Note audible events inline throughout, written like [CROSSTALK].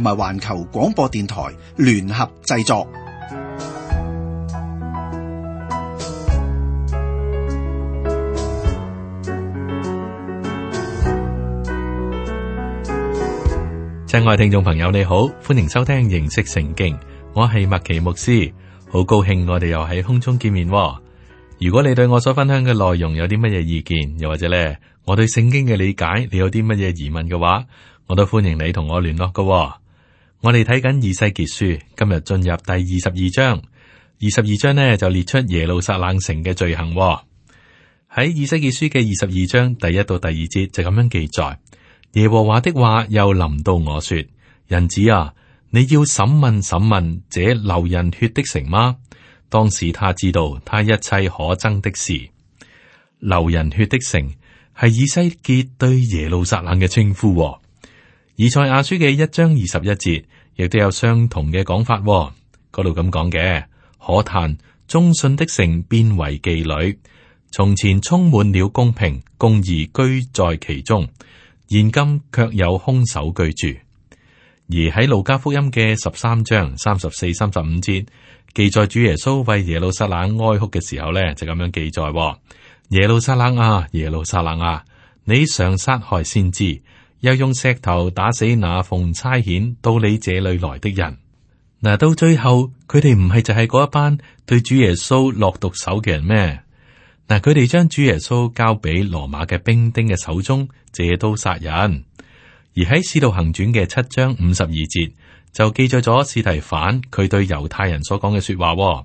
同埋環球廣播電台聯合製作。親愛的聽眾朋友，你好，歡迎收聽認識聖經。我係麥奇牧師，好高興我哋又喺空中見面。如果你對我所分享嘅內容有啲乜嘢意見，又或者咧我對聖經嘅理解，你有啲乜嘢疑問嘅話，我都歡迎你同我聯絡㗎。我哋睇緊《以西結書》，今日進入第二十二章。二十二章呢就列出耶路撒冷城嘅罪行，哦。喺《以西結書》嘅二十二章第一到第二節就咁樣記載：耶和華的話又臨到我說：人子啊，你要審問審問這流人血的城嗎？當時他知道他一切可憎的事。流人血的城係以西結對耶路撒冷嘅稱呼，哦。以賽亞書嘅一章二十一節亦都有相同嘅講法、哦，嗰度咁講嘅，可嘆忠信的城變為妓女，從前充滿了公平，公義居在其中，現今卻有兇手居住。而喺路加福音嘅十三章三十四三十五節記載主耶穌為耶路撒冷哀哭嘅時候呢，就咁樣記載、哦：耶路撒冷啊，耶路撒冷啊，你常殺害先知。又用石頭打死那奉差遣到你這裏來的人。嗱，到最後佢哋唔係就係嗰一班對主耶穌落毒手嘅人咩？嗱，佢哋將主耶穌交俾羅馬嘅兵丁嘅手中借刀殺人。而喺《使徒行傳》嘅七章五十二節就記載咗司提反佢對猶太人所講嘅說話。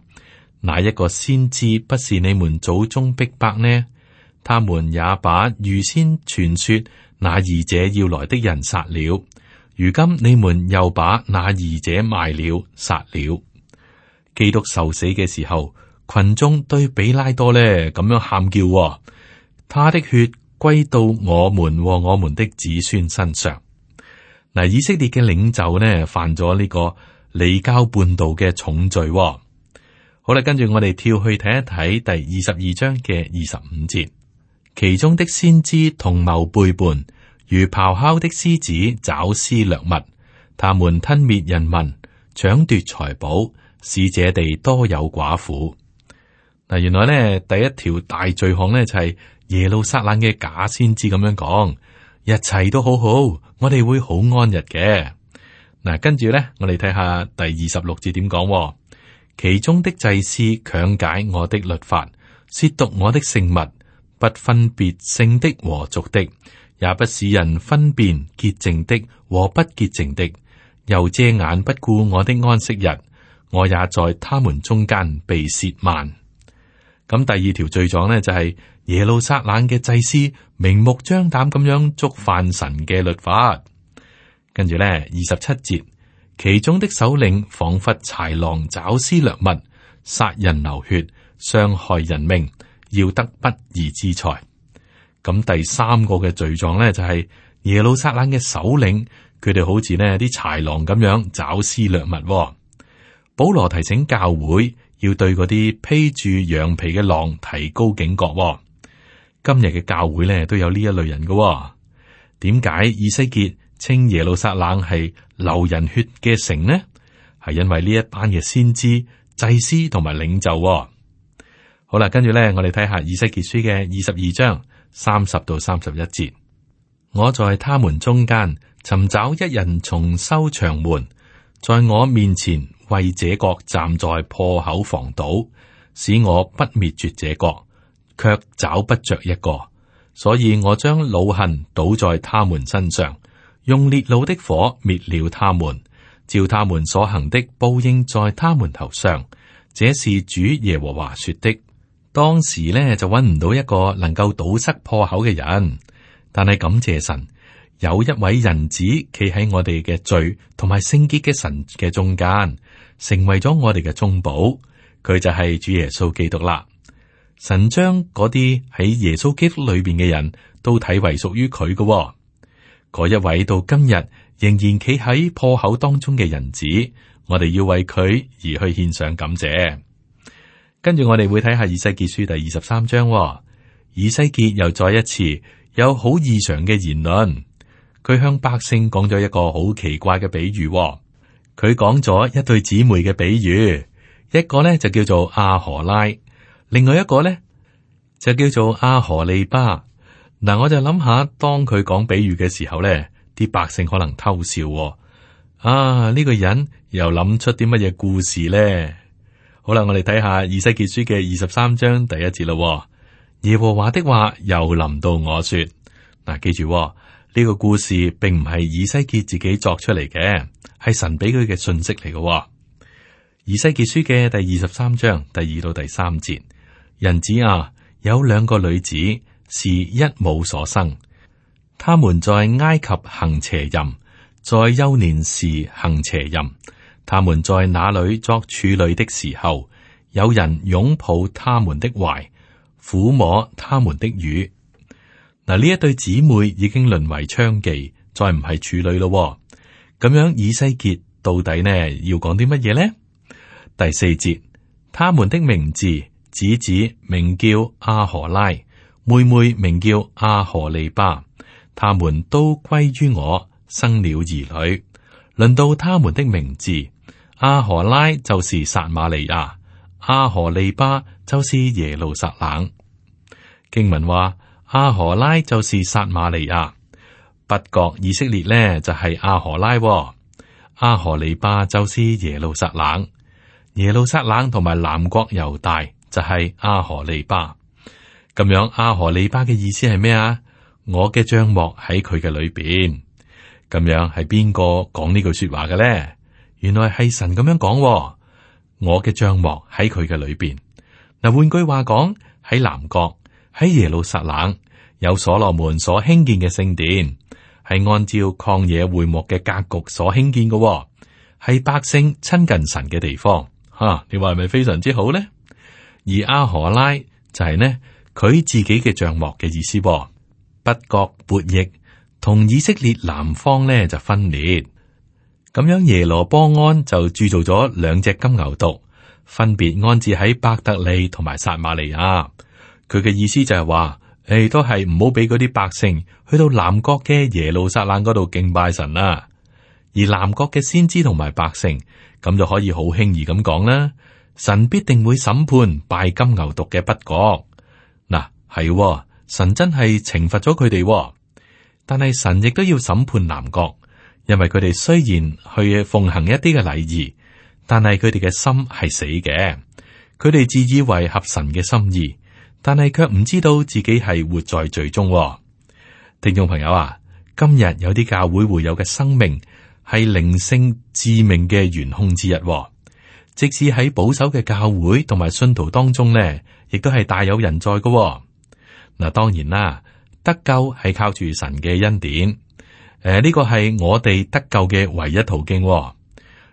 哪一個先知不是你們祖宗逼迫呢？他們也把預先傳說那義者要來的人殺了。如今你們又把那義者賣了、殺了。基督受死嘅時候，群眾對彼拉多咧咁樣喊叫：他的血歸到我們和我們的子孫身上。嗱，以色列嘅領袖呢犯咗呢個離經叛道嘅重罪哦。好啦，跟住我哋跳去睇一睇第二十二章嘅二十五節。其中的先知同謀背叛，如咆哮的獅子，抓食掠物。他們吞滅人民，搶奪財寶，使這地多有寡婦。嗱，原來咧第一條大罪行咧就係耶路撒冷嘅假先知咁樣講，一切都好好，我哋會好安逸嘅。嗱，跟住咧，我哋睇下第二十六節點講。其中的祭司強解我的律法，褻瀆我的聖物。不分別性的和俗的，也不使人分辨潔淨的和不潔淨的。又遮眼不顧我的安息日，我也在他們中間被褻慢。咁第二條罪狀呢，就係、是、耶路撒冷嘅祭司明目張膽咁樣觸犯神嘅律法。跟住呢，二十七節，其中的首領仿佛豺狼，抓撕掠物，殺人流血，傷害人命。要得不義之財，咁第三個嘅罪狀咧就係、是、耶路撒冷嘅首領，佢哋好似呢啲豺狼咁樣抓撕掠物、哦。保羅提醒教會要對嗰啲披住羊皮嘅狼提高警覺、哦。今日嘅教會咧都有呢一類人嘅、哦。點解以西結稱耶路撒冷係流人血嘅城呢？係因為呢一班嘅先知、祭司同埋領袖、哦。好啦，跟住咧，我哋睇下《以西結書》嘅二十二章三十到三十一節。節 [LAUGHS] [LAUGHS] 我在他們中間尋找一人重修牆垣，在我面前為這國站在破口防堵，使我不滅絕這國，却找不着一個，所以我將惱恨倒在他們身上，用烈怒的火滅了他們，照他們所行的報應在他們頭上。這是主耶和華說的。當時咧就揾唔到一個能夠堵塞破口嘅人，但係感謝神，有一位人子企喺我哋嘅罪同埋聖潔嘅神嘅中間，成為咗我哋嘅中保。佢就係主耶穌基督啦。神將嗰啲喺耶穌基督裏邊嘅人都睇為屬於佢嘅，哦。嗰一位到今日仍然企喺破口當中嘅人子，我哋要為佢而去獻上感謝。跟住我哋會睇下以西結書第二十三章，哦，以西結又再一次有好異常嘅言論，佢向百姓講咗一個好奇怪嘅比喻，哦，佢講咗一對姊妹嘅比喻，一個咧就叫做阿荷拉，另外一個咧就叫做阿荷利巴。嗱，我就諗下，當佢講比喻嘅時候咧，啲百姓可能偷笑，哦，啊呢、呢個人又諗出啲乜嘢故事咧？好啦，我哋睇下《以西結書》嘅二十三章第一節咯、哦。耶和華的話又臨到我說：嗱、啊，記住呢、哦，這個故事並唔係以西結自己作出嚟嘅，係神俾佢嘅信息嚟嘅、哦。《以西結書》嘅第二十三章第二到第三節：人子啊，有兩個女子是一母所生，他們在埃及行邪淫，在幼年時行邪淫。他們在那裏作處女的時候，有人擁抱他們的懷，撫摸他們的乳。嗱，呢一對姊妹已經淪為娼妓，再唔係處女咯。咁樣，以西結到底呢要講啲乜嘢呢？第四節，他們的名字，姊姊名叫阿荷拉，妹妹名叫阿荷利巴，他們都歸於我，生了兒女。輪到他們的名字。阿荷拉就是撒馬利亞，阿荷利巴就是耶路撒冷。經文話，阿荷拉就是撒馬利亞，北國以色列呢就係阿荷拉。阿荷利巴就是耶路撒冷，耶路撒冷同埋南國猶大就係阿荷利巴。咁樣阿荷利巴嘅意思係咩啊？我嘅帳幕喺佢嘅裏邊。咁樣係邊個講呢句說話嘅咧？原來係神咁樣講、哦，我嘅帳幕喺佢嘅裏邊。嗱，換句話講，喺南國喺耶路撒冷有所羅門所興建嘅聖殿，係按照曠野會幕嘅格局所興建嘅、哦，係百姓親近神嘅地方。吓，你話係咪非常之好呢？而阿荷拉就係呢，佢自己嘅帳幕嘅意思、哦。北國撥翼，同以色列南方呢就分裂。咁樣耶羅波安就鑄造咗兩隻金牛犢，分別安置喺伯特利同埋撒馬利亞。佢嘅意思就係話，誒、哎,都係唔好俾嗰啲百姓去到南國嘅耶路撒冷嗰度敬拜神啦、啊。而南國嘅先知同埋百姓，咁就可以好輕易咁講啦。神必定會審判拜金牛犢嘅北國。嗱，係、哦，神真係懲罰咗佢哋，但係神亦都要審判南國。因為佢哋雖然去奉行一啲嘅禮儀，但係佢哋嘅心係死嘅。佢哋自以為合神嘅心意，但係卻唔知道自己係活在罪中、哦。聽眾朋友啊，今日有啲教會會有嘅生命係靈性致命嘅懸控之日、哦，即使喺保守嘅教會同埋信徒當中呢亦都係大有人在嘅。嗱，當然啦，得救係靠住神嘅恩典。誒，呢個係我哋得救嘅唯一途徑、哦。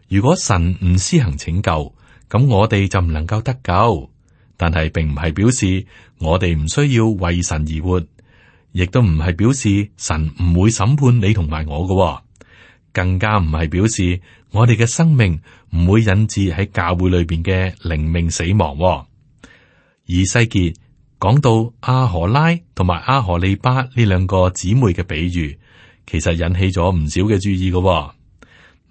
如果神唔施行拯救，咁我哋就唔能夠得救。但係並唔係表示我哋唔需要為神而活，亦都唔係表示神唔會審判你同埋我嘅、哦。更加唔係表示我哋嘅生命唔會引致喺教會裏邊嘅靈命死亡、哦。而西結講到阿荷拉同埋阿荷利巴呢兩個姊妹嘅比喻，其實引起咗唔少嘅注意嘅、哦，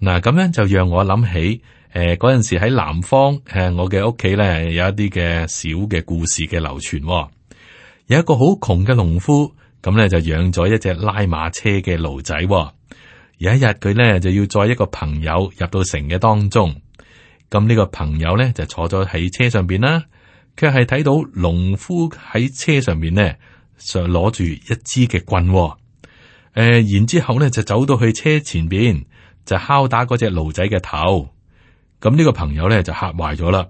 嗱咁咧就讓我諗起，誒嗰陣時喺南方，誒、呃、我嘅屋企咧有一啲嘅小嘅故事嘅流傳、哦，有一個好窮嘅農夫，咁咧就養咗一隻拉馬車嘅驢仔、哦，有一日佢咧就要載一個朋友入到城嘅當中，咁呢個朋友咧就坐咗喺車上邊啦，佢係睇到農夫喺車上邊咧上攞住一支嘅棍、哦。誒，然之後咧就走到去車前邊，就敲打嗰隻驢仔嘅頭。咁、這、呢個朋友咧就嚇壞咗啦，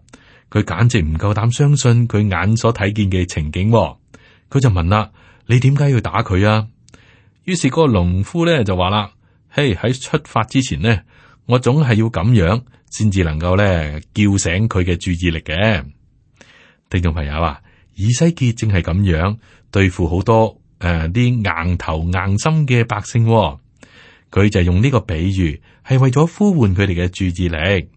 佢簡直唔夠膽相信佢眼所睇見嘅情景。佢就問啦：你點解要打佢啊？於是嗰個農夫咧就話啦：嘿，喺出發之前呢，我總係要咁樣，先至能夠咧叫醒佢嘅注意力嘅。聽眾朋友啊，以西結正係咁樣對付好多。誒，啲、呃、硬頭硬心嘅百姓，哦，佢就用呢個比喻，係為咗呼喚佢哋嘅注意力。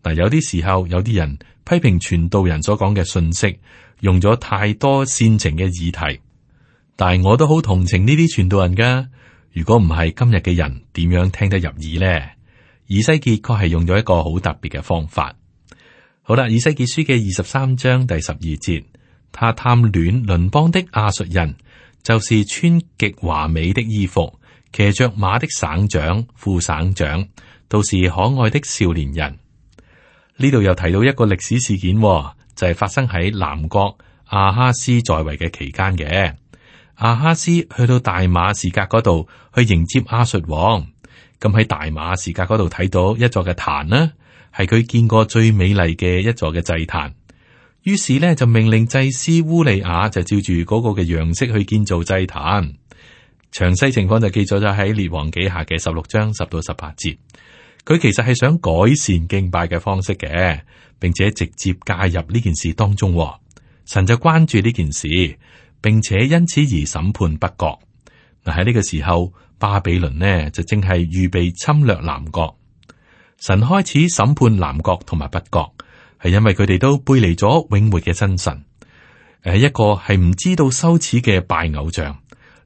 但有啲時候，有啲人批評傳道人所講嘅信息用咗太多煽情嘅議題。但係我都好同情呢啲傳道人噶。如果唔係今日嘅人點樣聽得入耳呢？以西結確係用咗一個好特別嘅方法。好啦，以西結書嘅二十三章第十二節，他貪戀鄰邦的亞述人。就是穿極華美的衣服、騎着馬的省長、副省長，都是可愛的少年人。呢度又提到一個歷史事件，就係、是、發生喺南國阿哈斯在位嘅期間嘅。阿哈斯去到大馬士革嗰度去迎接亞述王，咁喺大馬士革嗰度睇到一座嘅壇啦，係佢見過最美麗嘅一座嘅祭壇。於是呢，就命令祭司烏利亞就照住嗰個嘅樣式去建造祭壇，詳細情況就記載咗喺列王記下嘅十六章十到十八節。佢其實係想改善敬拜嘅方式嘅，並且直接介入呢件事當中。神就關注呢件事，並且因此而審判北國。嗱，喺呢個時候，巴比倫呢就正係預備侵略南國，神開始審判南國同埋北國。係因為佢哋都背離咗永活嘅真神，誒，一個係唔知道羞恥嘅拜偶像，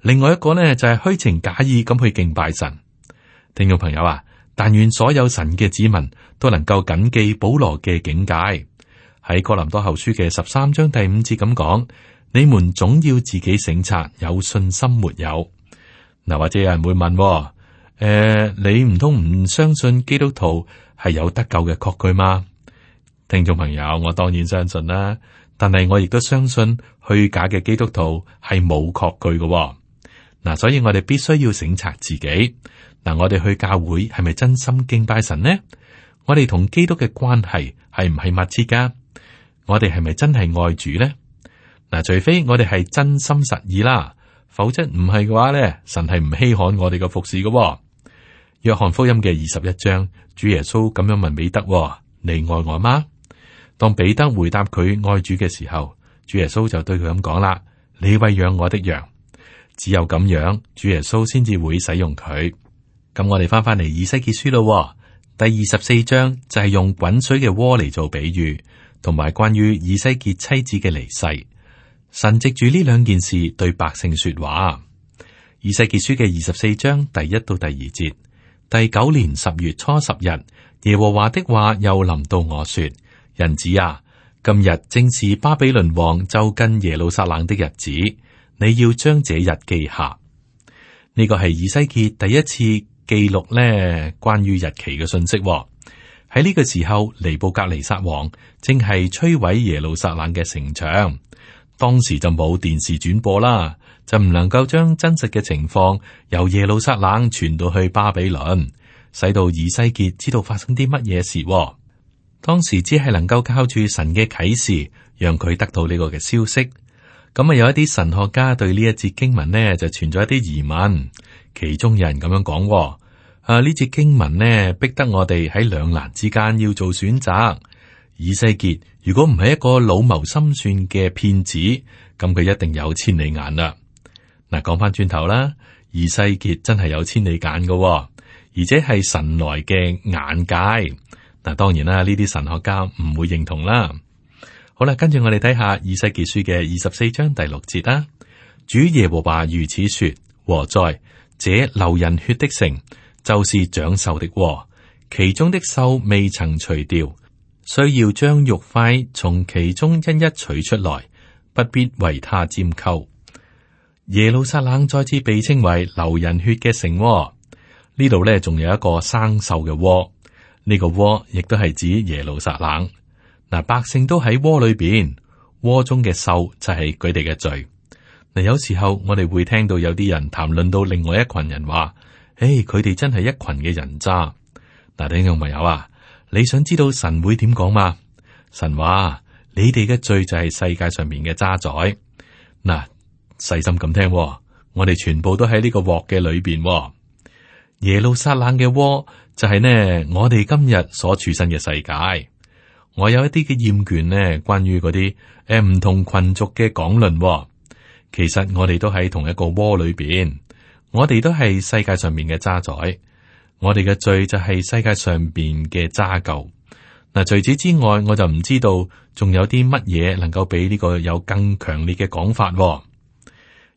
另外一個呢，就係、是、虛情假意咁去敬拜神。聽眾朋友啊，但願所有神嘅子民都能夠謹記保羅嘅境界。喺哥林多後書嘅十三章第五節咁講：你們總要自己省察，有信心沒有？嗱，或者有人會問：誒、呃，你唔通唔相信基督徒係有得救嘅確據嗎？聽眾朋友，我當然相信啦，但係我亦都相信虛假嘅基督徒係冇確據嘅。嗱、哦啊，所以我哋必須要省察自己。嗱、啊，我哋去教會係咪真心敬拜神呢？我哋同基督嘅關係係唔係密切噶？我哋係咪真係愛主呢？嗱、啊，除非我哋係真心實意啦，否則唔係嘅話咧，神係唔稀罕我哋嘅服侍嘅、哦。約翰福音嘅二十一章，主耶穌咁樣問彼得、哦：，你愛我嗎？當彼得回答佢愛主嘅時候，主耶穌就對佢咁講啦：，你餵養我的羊，只有咁樣，主耶穌先至會使用佢。咁我哋翻返嚟《以西結書》咯、哦，第二十四章就係用滾水嘅鍋嚟做比喻，同埋關於以西結妻子嘅離世。神藉住呢兩件事對百姓說話。《以西結書》嘅二十四章第一到第二節，第九年十月初十日，耶和華的話又臨到我說。人子啊，今日正是巴比倫王就近耶路撒冷的日子，你要將這日記下。呢、這個係以西結第一次記錄呢關於日期嘅信息、哦。喺呢個時候，尼布甲尼撒王正係摧毀耶路撒冷嘅城牆。當時就冇電視轉播啦，就唔能夠將真實嘅情況由耶路撒冷傳到去巴比倫，使到以西結知道發生啲乜嘢事、哦。當時只係能夠靠住神嘅啟示，讓佢得到呢個嘅消息。咁、嗯、啊，有一啲神學家對呢一節經文呢就存在一啲疑問。其中有人咁樣講、哦：，啊呢節經文呢，逼得我哋喺兩難之間要做選擇。以西結如果唔係一個老謀深算嘅騙子，咁佢一定有千里眼啦。嗱、啊，講翻轉頭啦，以西結真係有千里眼嘅、哦，而且係神來嘅眼界。嗱，當然啦，呢啲神學家唔會認同啦。好啦，跟住我哋睇下《以世結書》嘅二十四章第六節啦、啊。主耶和華如此說：和在這流人血的城，就是長受的窩，其中的獸未曾除掉，需要將肉塊從其中一一取出來，不必為他占扣。耶路撒冷再次被稱為流人血嘅城窩，呢度呢，仲有一個生銹嘅窩。呢個窩亦都係指耶路撒冷，嗱，百姓都喺窩裏邊，窩中嘅獸就係佢哋嘅罪。嗱，有時候我哋會聽到有啲人談論到另外一群人話，誒，佢哋真係一群嘅人渣。嗱，聽眾朋友啊，你想知道神會點講嘛？神話，你哋嘅罪就係世界上面嘅渣滓。嗱，細心咁聽，我哋全部都喺呢個鑊嘅裏邊，耶路撒冷嘅窩就係呢，我哋今日所處身嘅世界，我有一啲嘅厭倦呢。關於嗰啲誒唔同群族嘅講論，其實我哋都喺同一個窩裏邊，我哋都係世界上面嘅渣滓，我哋嘅罪就係世界上邊嘅渣舊。嗱，除此之外，我就唔知道仲有啲乜嘢能夠俾呢個有更強烈嘅講法，哦。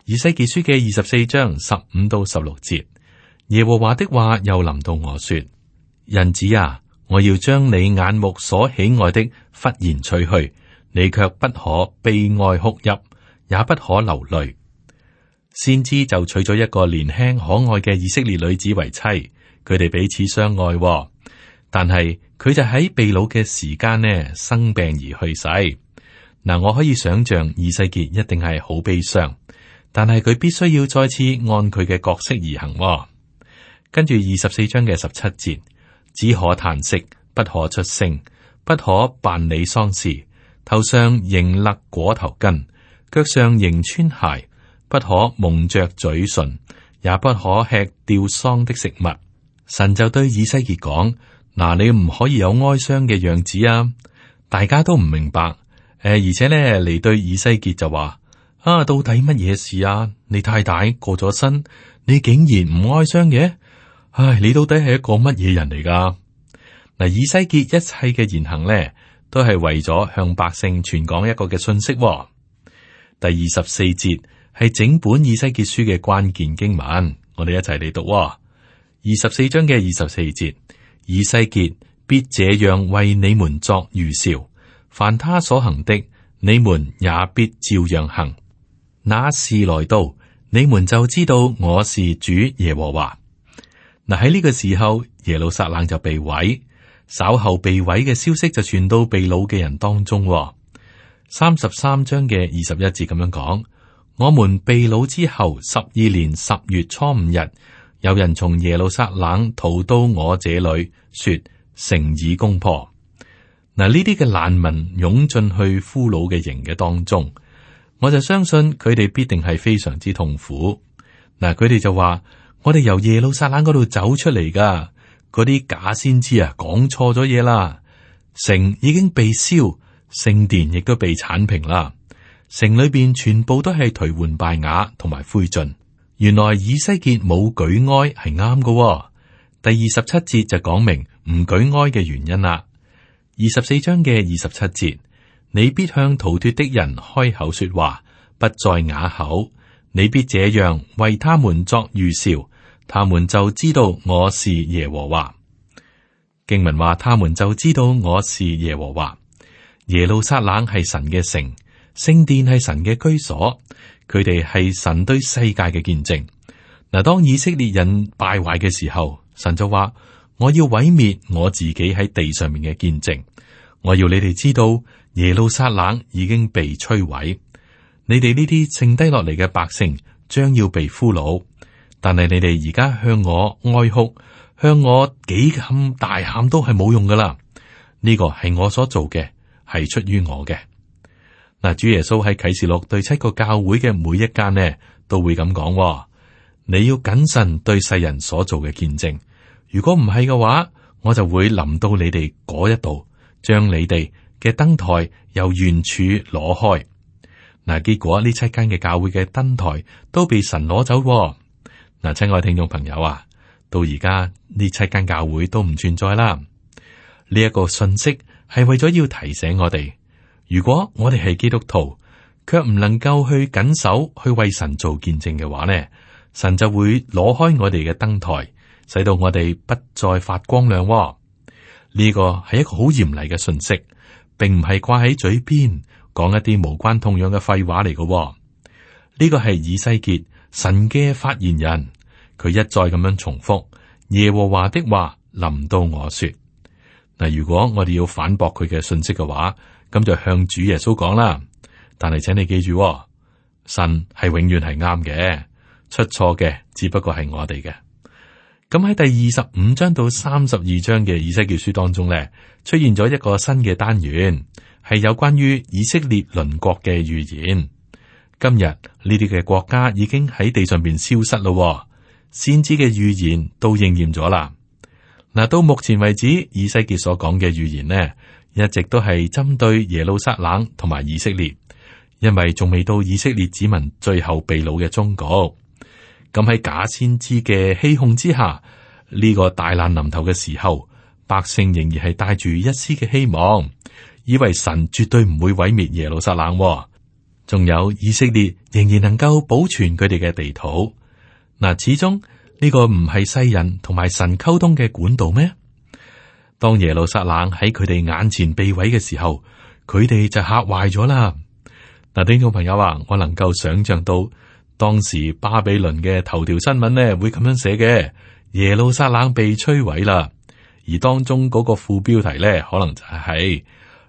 以西結書嘅二十四章十五到十六節。耶和華的話又臨到我說：人子啊，我要將你眼目所喜愛的忽然取去，你卻不可悲哀哭泣，也不可流淚。先知就娶咗一個年輕可愛嘅以色列女子為妻，佢哋彼此相愛，哦。但係佢就喺被擄嘅時間呢生病而去世。嗱，我可以想象以西結一定係好悲傷，但係佢必須要再次按佢嘅角色而行，哦。跟住二十四章嘅十七節，只可嘆息，不可出聲，不可辦理喪事。頭上仍勒裹頭巾，腳上仍穿鞋，不可蒙着嘴唇，也不可吃弔喪的食物。神就對以西結講：嗱，你唔可以有哀傷嘅樣子啊！大家都唔明白。誒，而且呢，你對以西結就話：啊，到底乜嘢事啊？你太太過咗身，你竟然唔哀傷嘅？唉，你到底係一個乜嘢人嚟噶？嗱，以西結一切嘅言行呢，都係為咗向百姓傳講一個嘅信息喎。第二十四節係整本以西結書嘅關鍵經文，我哋一齊嚟讀喎。二十四章嘅二十四節，以西結必這樣為你們作預兆，凡他所行的，你們也必照樣行。那事來到，你們就知道我是主耶和華。嗱，喺呢個時候，耶路撒冷就被毀，稍後被毀嘅消息就傳到被擄嘅人當中，哦。三十三章嘅二十一節咁樣講：，我們被擄之後，十二年十月初五日，有人從耶路撒冷逃到我這裏，說城已攻破。嗱，呢啲嘅難民湧進去俘虜嘅營嘅當中，我就相信佢哋必定係非常之痛苦。嗱，佢哋就話。我哋由耶路撒冷嗰度走出嚟噶，嗰啲假先知啊，講錯咗嘢啦。城已經被燒，聖殿亦都被鏟平啦。城裏邊全部都係頹垣敗瓦同埋灰燼。原來以西結冇舉哀係啱嘅。第二十七節就講明唔舉哀嘅原因啦。二十四章嘅二十七節，你必向逃脱的人開口說話，不再啞口。你必這樣為他們作預兆。他們就知道我是耶和華。經文話：他們就知道我是耶和華。耶路撒冷係神嘅城，聖殿係神嘅居所。佢哋係神對世界嘅見證。嗱，當以色列人敗壞嘅時候，神就話：我要毀滅我自己喺地上面嘅見證。我要你哋知道耶路撒冷已經被摧毀。你哋呢啲剩低落嚟嘅百姓，將要被俘虜。但係你哋而家向我哀哭，向我幾咁大喊都係冇用噶啦。呢個係我所做嘅，係出於我嘅。嗱，主耶穌喺啟示錄對七個教會嘅每一間呢，都會咁講。你要謹慎對世人所做嘅見證，如果唔係嘅話，我就會臨到你哋嗰一度，將你哋嘅燈臺由原處攞開。嗱，結果呢七間嘅教會嘅燈臺都被神攞走。嗱，親愛聽眾朋友啊，到而家呢七間教會都唔存在啦。呢、這、一個信息係為咗要提醒我哋，如果我哋係基督徒，卻唔能夠去緊守去為神做見證嘅話呢，神就會攞開我哋嘅燈台，使到我哋不再發光亮，哦。呢、這個係一個好嚴厲嘅信息，並唔係掛喺嘴邊講一啲無關痛癢嘅廢話嚟嘅，哦。呢個係以西結神嘅發言人，佢一再咁樣重複耶和華的話，臨到我說：嗱，如果我哋要反駁佢嘅信息嘅話，咁就向主耶穌講啦。但係請你記住，神係永遠係啱嘅，出錯嘅只不過係我哋嘅。咁喺第二十五章到三十二章嘅以西結書當中咧，出現咗一個新嘅單元，係有關於以色列鄰國嘅預言。今日呢啲嘅國家已經喺地上邊消失咯，先知嘅預言都應驗咗啦。嗱，到目前為止，以西結所講嘅預言呢，一直都係針對耶路撒冷同埋以色列，因為仲未到以色列子民最後被擄嘅終局。咁喺假先知嘅欺哄之下，呢個大難臨頭嘅時候，百姓仍然係帶住一絲嘅希望，以為神絕對唔會毀滅耶路撒冷。仲有以色列仍然能夠保存佢哋嘅地圖，嗱，始終呢個唔係世人同埋神溝通嘅管道咩？當耶路撒冷喺佢哋眼前被毀嘅時候，佢哋就嚇壞咗啦。嗱，聽眾朋友話、啊、我能夠想象到當時巴比倫嘅頭條新聞咧，會咁樣寫嘅：耶路撒冷被摧毀啦，而當中嗰個副標題咧，可能就係、喺、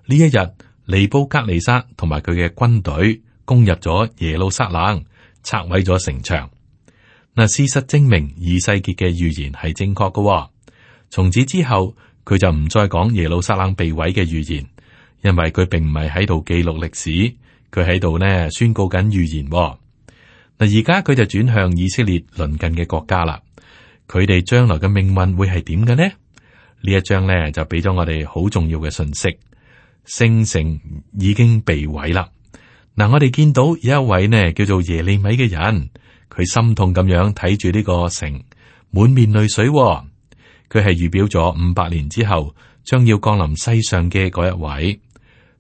呢一日尼布甲尼撒同埋佢嘅軍隊。攻入咗耶路撒冷，拆毀咗城牆。嗱，事實證明以西結嘅預言係正確噶、哦。從此之後，佢就唔再講耶路撒冷被毀嘅預言，因為佢並唔係喺度記錄歷史，佢喺度呢，宣告緊預言、哦。嗱，而家佢就轉向以色列鄰近嘅國家啦，佢哋將來嘅命運會係點嘅呢？呢一章呢就俾咗我哋好重要嘅信息，聖城已經被毀啦。嗱、嗯，我哋見到有一位呢，叫做耶利米嘅人，佢心痛咁樣睇住呢個城，滿面淚水、哦。佢係預表咗五百年之後將要降臨世上嘅嗰一位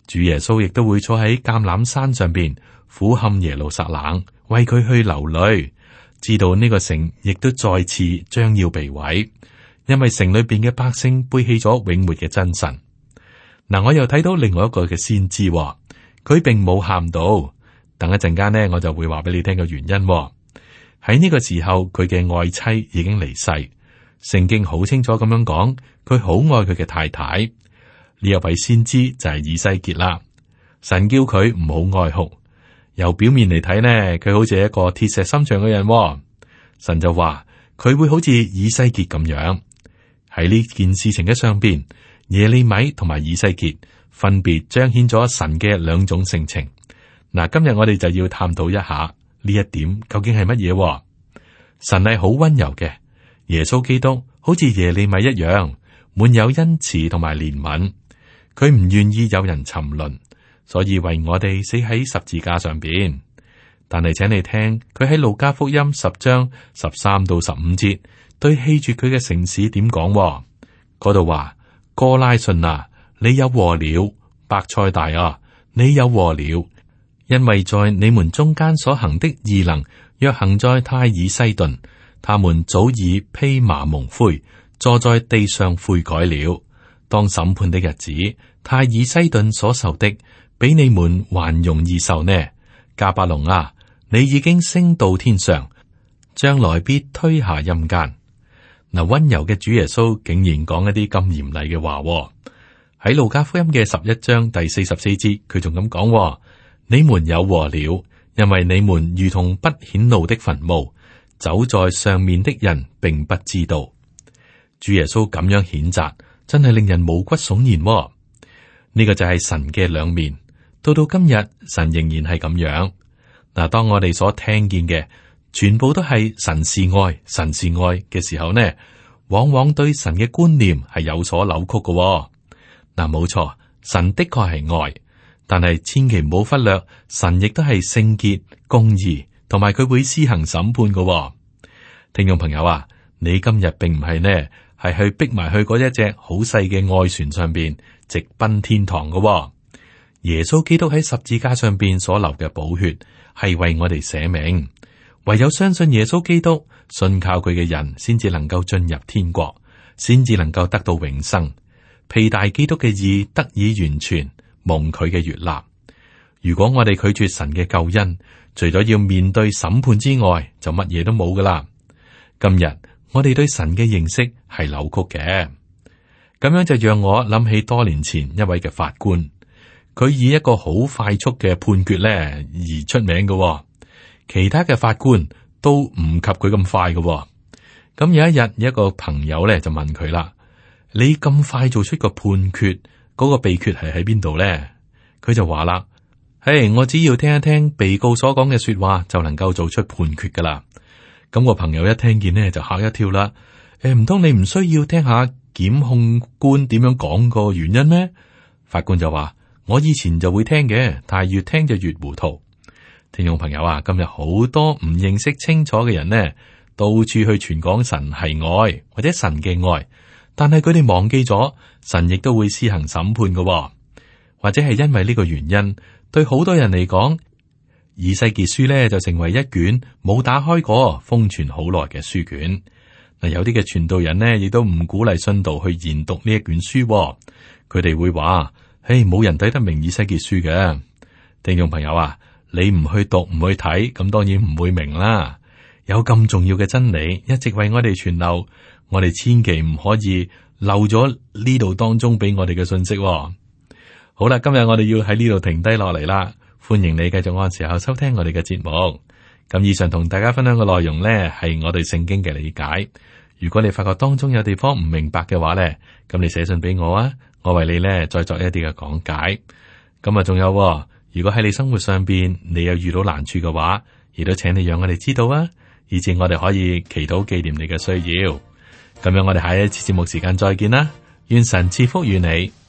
主耶穌，亦都會坐喺橄欖山上邊，俯瞰耶路撒冷，為佢去流淚，知道呢個城亦都再次將要被毀，因為城裏邊嘅百姓背棄咗永活嘅真神。嗱、嗯，我又睇到另外一個嘅先知、哦。佢並冇喊到，等一陣間呢，我就會話俾你聽個原因，哦。喺呢個時候，佢嘅愛妻已經離世。聖經好清楚咁樣講，佢好愛佢嘅太太。呢一位先知就係以西結啦。神叫佢唔好哀哭。由表面嚟睇呢，佢好似一個鐵石心腸嘅人，哦。神就話佢會好似以西結咁樣喺呢件事情嘅上邊，耶利米同埋以西結，分別彰顯咗神嘅兩種性情。嗱，今日我哋就要探討一下呢一點究竟係乜嘢。神係好溫柔嘅，耶穌基督好似耶利米一樣，滿有恩慈同埋憐憫。佢唔願意有人沉淪，所以為我哋死喺十字架上邊。但係請你聽，佢喺路加福音十章十三到十五節對棄絕佢嘅城市點講？嗰度話哥拉汛啊！你有禍了，白菜大啊！你有禍了，因為在你們中間所行的異能，若行在泰爾西頓，他們早已披麻蒙灰，坐在地上悔改了。當審判的日子，泰爾西頓所受的比你們還容易受呢。加伯龍啊，你已經升到天上，將來必推下陰間。嗱，溫柔嘅主耶穌竟然講一啲咁嚴厲嘅話。喺路加福音嘅十一章第四十四節，佢仲咁講：你們有禍了，因為你們如同不顯露的墳墓，走在上面的人並不知道。主耶穌咁樣譴責，真係令人毛骨悚然。呢個就係神嘅兩面，到到今日神仍然係咁樣。嗱，當我哋所聽見嘅全部都係神是愛，神是愛嘅時候呢，往往對神嘅觀念係有所扭曲嘅。啊，冇錯，神的確係愛，但係千祈唔好忽略，神亦都係聖潔、公義，同埋佢會施行審判嘅喎。聽眾朋友啊，你今日並唔係呢，係去逼埋去嗰一隻好細嘅愛船上邊直奔天堂嘅喎。耶穌基督喺十字架上邊所流嘅寶血，係為我哋寫名。唯有相信耶穌基督、信靠佢嘅人，先至能夠進入天國，先至能夠得到永生。屁大基督嘅意得以完全蒙佢嘅悅納。如果我哋拒絕神嘅救恩，除咗要面對審判之外，就乜嘢都冇噶啦。今日我哋對神嘅認識係扭曲嘅，咁樣就讓我諗起多年前一位嘅法官，佢以一個好快速嘅判決咧而出名嘅，哦，其他嘅法官都唔及佢咁快嘅，哦。咁有一日，一個朋友咧就問佢啦。你咁快做出個判決，嗰個秘訣係喺邊度咧？佢就話啦：，嘿，我只要聽一聽被告所講嘅說話，就能夠做出判決噶啦。咁個朋友一聽見呢，就吓一跳啦。誒，唔通你唔需要聽下檢控官點樣講個原因咩？法官就話：，我以前就會聽嘅，但係越聽就越糊塗。聽眾朋友啊，今日好多唔認識清楚嘅人呢，到處去傳講神係愛或者神嘅愛。但係佢哋忘記咗，神亦都會施行審判嘅。哦，或者係因為呢個原因，對好多人嚟講，以西結書咧就成為一卷冇打開過、封存好耐嘅書卷。嗱，有啲嘅傳道人呢，亦都唔鼓勵信徒去研讀呢一卷書。哦，佢哋會話：，唉，冇人睇得明以西結書嘅。聽眾朋友啊，你唔去讀唔去睇，咁當然唔會明啦。有咁重要嘅真理，一直為我哋傳流。我哋千祈唔可以漏咗呢度當中俾我哋嘅信息。好啦，今日我哋要喺呢度停低落嚟啦。歡迎你繼續按時候收聽我哋嘅節目。咁以上同大家分享嘅內容呢，係我對聖經嘅理解。如果你發覺當中有地方唔明白嘅話呢，咁你寫信俾我啊，我為你呢再作一啲嘅講解。咁啊，仲有，如果喺你生活上邊你有遇到難處嘅話，亦都請你讓我哋知道啊，以至我哋可以祈禱紀念你嘅需要。咁樣，我哋下一次節目時間再見啦！願神賜福於你。